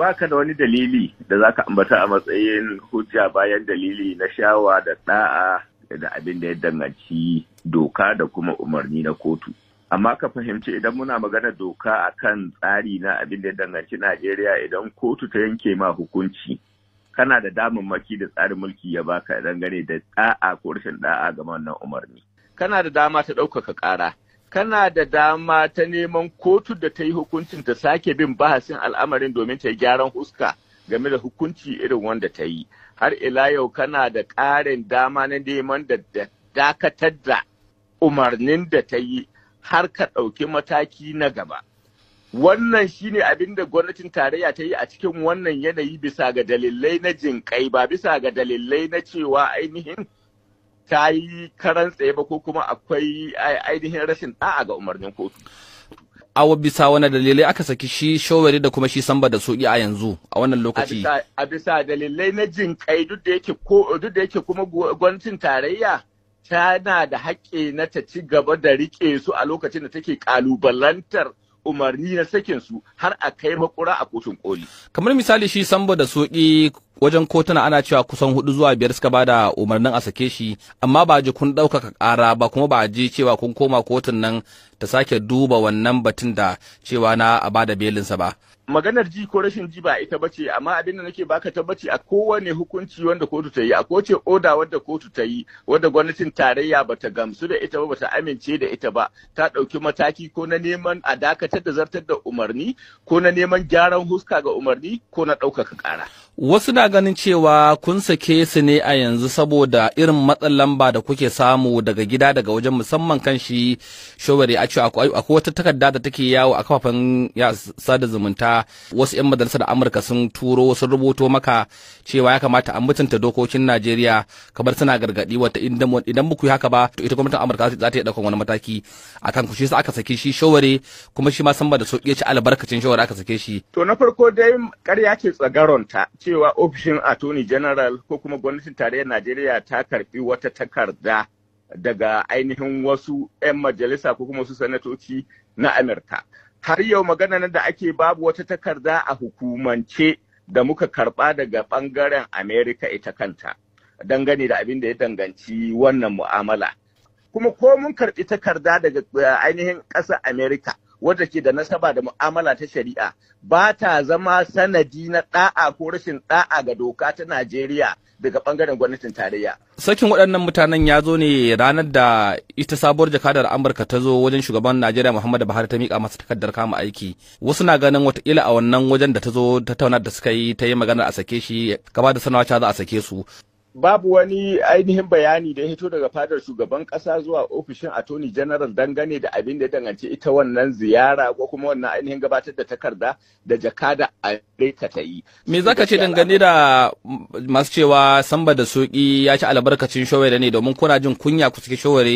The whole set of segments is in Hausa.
baka da wani dalili da za ka ambata a matsayin hujja bayan dalili na shawa da ɗa'a da abin da ya danganci doka da kuma umarni na kotu amma ka fahimci idan muna magana doka a kan tsari na abin da ya danganci najeriya idan kotu ta yanke ma hukunci kana da damammaki da tsarin mulki ya baka dangane da ɗa'a ko rashin ɗa'a ga wannan umarni kana da dama ta ɗaukaka ƙara kana da dama ta neman kotu da ta yi hukuncin ta sake bin bahasin al'amarin domin ta yi gyaran huska game da hukunci irin wanda ta yi har ila yau kana da ƙarin dama na neman da dakatar da umarnin da ta yi har ka ɗauki mataki na gaba wannan shine abin da gwamnatin tarayya ta yi a cikin wannan yanayi bisa ga dalilai na jinƙai ba bisa ga dalilai na cewa ainihin ta yi karan tsaye ba ko kuma akwai ainihin rashin da'a ga umarnin kotu. awa bisa wani dalilai aka saki shi Shawari da kuma shi samba da soki a yanzu a wannan lokaci a bisa dalilai na jin kai duk da yake kuma gwamnatin tarayya tana da haƙƙi na ta ci gaba da riƙe su a lokacin da take kalubalantar umarni na sakin su har a kai makura a kotun koli kamar misali shi sambo da soki wajen kotuna ana cewa kusan hudu zuwa biyar suka bada umarnin a sake shi amma ba ji kun ɗaukaka ƙara ba kuma ba ji cewa kun koma kotun nan ta sake duba wannan batun da cewa na a bada belinsa ba. maganar ji ko rashin ji ba ita bace amma abin da nake baka tabbaci a kowane hukunci wanda kotu ta yi a kowace oda wanda kotu ta yi Wanda gwamnatin tarayya bata gamsu da ita ba bata amince da ita ba ta ɗauki mataki ko na neman a dakatar da zartar da umarni ko na neman gyaran huska ga umarni ko na ɗaukaka kara Wasu na ganin cewa kun sake su ne a yanzu saboda irin matsin lamba da kuke samu daga gida daga wajen musamman kan shi shawari a cewa akwai wata takarda da take yawo a kafafen ya sada zumunta wasu 'yan majalisar Amurka sun turo sun rubuto maka cewa ya kamata a mutunta dokokin Najeriya kamar suna gargadi wata idan muku haka ba to ita gwamnatin Amurka za ta yi daukan wani mataki akan ku shi sa aka sake shi shaware kuma shi ma san ba da soke ci albarkacin shawara aka sake shi. To na farko dai karya ce tsagaronta cewa ofishin Attorney General ko kuma gwamnatin tarayyar Najeriya ta karbi wata takarda daga ainihin wasu 'yan majalisa ko kuma wasu sanatoci na amurka har yau magana na da ake babu wata takarda a hukumance da muka karba daga bangaren amerika ita kanta dangane da abin da ya danganci wannan mu'amala kuma ko mun karbi takarda daga eh, ainihin ƙasar amerika wadda ke da nasaba da mu'amala ta shari'a ba ta zama sanadi na ɗa'a ko rashin ɗa'a ga doka ta Najeriya daga ɓangaren gwamnatin tarayya. Sakin waɗannan mutanen ya zo ne ranar da ita sabuwar jakadar Amurka ta zo wajen shugaban Najeriya Muhammadu Buhari ta miƙa masa takardar kama aiki. Wasu na ganin watakila a wannan wajen da ta zo ta tattauna da suka yi ta yi magana a sake shi gaba da sanawa za a sake su. babu wani ainihin bayani da ya hito daga fadar shugaban kasa zuwa ofishin attorney general dangane da abin da ya danganci ita wannan ziyara ko kuma wannan ainihin gabatar da takarda da jakada Amerika ta yi. Me za ka ce dangane da masu cewa samba da soki ya ci albarkacin shawara ne domin kuna jin kunya ku suke shawara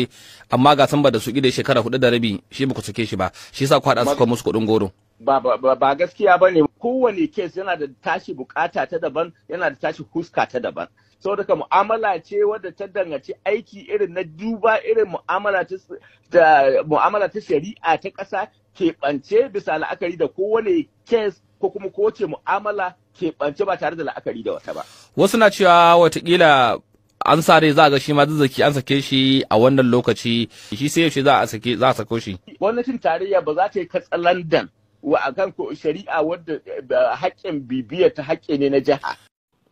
amma ga samba da soki da shekara hudu da rabi shi ba ku suke shi ba shi sa ku haɗa su musu kuɗin goro. ba, ba, gaskiya ba ne kowane kes yana da tashi bukata ta daban yana da tashi huska ta daban saboda ka mu'amala ce wadda ta danganci aiki irin na duba irin mu'amala ta shari'a ta ƙasa keɓance bisa la'akari da kowane kes ko kuma kowace mu'amala keɓance ba tare da la'akari da wata ba. Wasu na cewa watakila an sa dai za a ga shi ma zazzaki an sake shi a wannan lokaci shi sai yaushe za a sake za a sako shi. Gwamnatin tarayya ba za ta yi katsalandan wa akan shari'a wadda eh, haƙƙin bibiyar ta haƙƙi ne na jiha.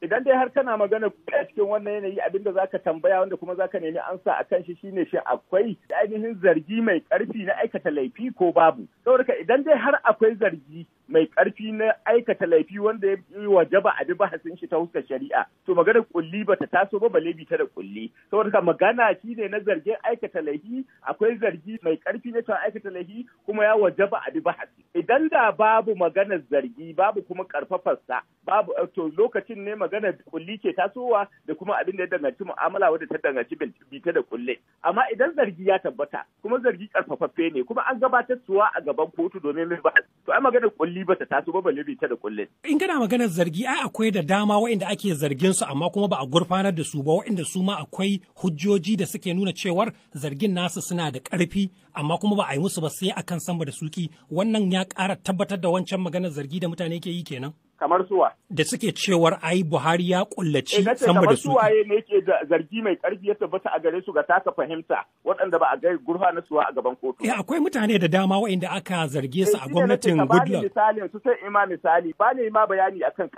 idan dai har kana magana a cikin wannan yanayi abinda ka tambaya wanda kuma za ka nemi ansa a kan shi shine shi akwai ainihin zargi mai karfi na aikata laifi ko babu saboda idan dai har akwai zargi mai karfi na aikata laifi wanda ya yi wajaba a bi bahasin shi ta huskar shari'a to magana kulli ba ta taso ba bale bi ta da kulli saboda ka magana shi ne na zargin aikata laifi akwai zargi mai karfi na cewa aikata laifi kuma ya wajaba a bi bahasi idan da babu magana zargi babu kuma karfafarsa babu eh, to lokacin ne magana kulli ke tasowa da kuma abin da ya danganci mu'amala wadda ta danganci bita da kulle amma idan zargi ya tabbata kuma zargi karfafaffe ne kuma an gabatar suwa a gaban kotu domin mai bahasi to ai magana kulli ba ta taso ba balle bai ta da kullin. In kana maganar zargi ai akwai da dama waɗanda ake zargin su amma kuma ba a gurfanar da su ba waɗanda su ma akwai hujjoji da suke nuna cewar zargin nasu suna da ƙarfi amma kuma ba a yi musu ba sai akan samba da suki wannan ya ƙara tabbatar da wancan maganar zargi da mutane ke yi kenan. kamar suwa. Da suke cewar ai Buhari ya kullaci eh, sama da su. suwaye ne yake da zargi mai karfi ya tabbata a gare su ga taka fahimta waɗanda ba a ga gurfa na suwa a gaban kotu. Eh akwai mutane da dama waɗanda aka zarge su eh, a gwamnatin Goodluck. misalin su sai ima misali ba ne ma bayani akan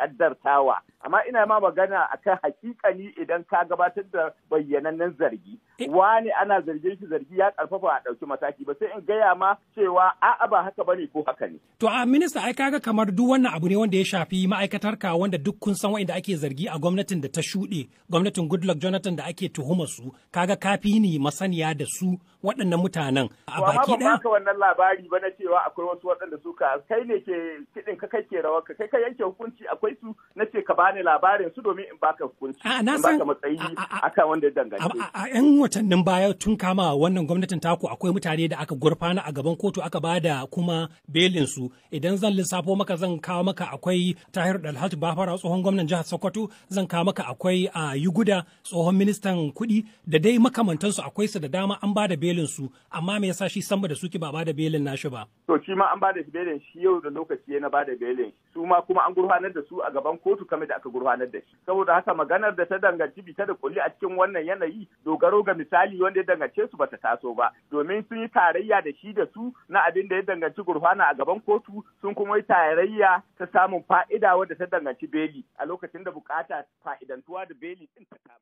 tawa, amma ina ma magana akan hakikani idan ka gabatar da bayyanannen zargi. Eh. Wani ana zargin shi zargi ya karfafa a ɗauki mataki ba sai in gaya ma cewa a'a ba haka bane ko haka ne. To a minista ai kaga kamar duk wannan abu ne wanda ya shafi shafi ma'aikatar wanda duk kun san wa'inda ake zargi a gwamnatin da ta shuɗe gwamnatin goodluck jonathan da ake tuhumar su kaga kafi ni masaniya da su waɗannan mutanen a baki ɗaya. ba ka wannan labari ba na cewa akwai wasu waɗanda suka kai ne ke kiɗin ka kai ke rawar ka kai ka yanke hukunci akwai su na ce ka bani labarin su domin in baka hukunci in baka matsayi akan wanda ya dangane. a yan watannin baya tun kama wannan gwamnatin taku akwai mutane da aka gurfana a gaban kotu aka bada kuma belin su idan zan lissafo maka zan kawo maka akwai Tahir Dalhatu Bafara tsohon gwamnan jihar Sokoto zan kawo maka akwai a Yuguda tsohon ministan kuɗi da dai makamantansu akwai su da dama an bada belin su amma me yasa shi samba da suke ba bada belin nashi ba. To shi ma an bada belin shi yau da lokaci na bada belin su ma kuma an gurfanar da su a gaban kotu kamar da aka gurfanar da shi. Saboda haka maganar da ta danganci bita da kulli a cikin wannan yanayi dogaro ga misali wanda ya dangance su bata taso ba domin sun yi tarayya da shi da su na abin da ya danganci gurfana a gaban kotu sun kuma yi tarayya ta samun fa'ida wadda ta danganci beli a lokacin da bukata fa'idantuwa da beli din ta kama.